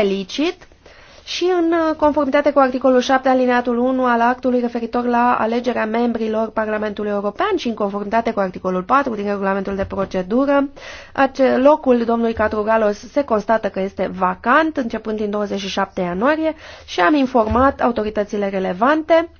licit și în uh, conformitate cu articolul 7 alineatul 1 al actului referitor la alegerea membrilor Parlamentului European și în conformitate cu articolul 4 din regulamentul de procedură, locul domnului Catrugalos se constată că este vacant începând din 27 ianuarie și am informat autoritățile relevante